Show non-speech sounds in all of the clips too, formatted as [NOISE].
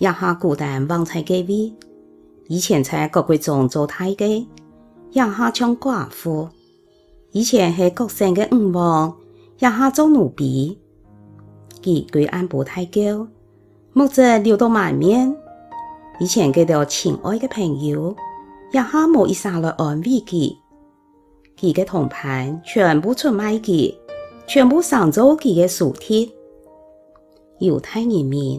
一下孤單望在街尾，以前在各國中做太監，一下成寡婦。以前是各省嘅五王，一下做奴婢。佢舉安抱太久，目子流到滿面。以前嘅到親愛的朋友，一下冇一剎來安慰佢。佢的同伴全部出賣佢，全部上做佢的贖貼。猶太人民。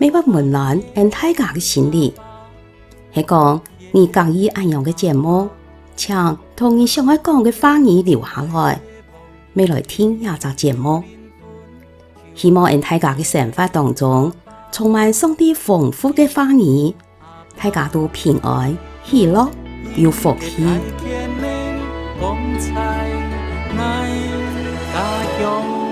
未發温暖，因大家嘅心靈。係講，你合意恁樣嘅節目，請同你想愛講嘅話語留下來，未來天也做節目。希望因大家嘅生活當中，充滿上帝豐富嘅話語，大家都平安、喜樂又福氣。 [MUSIC]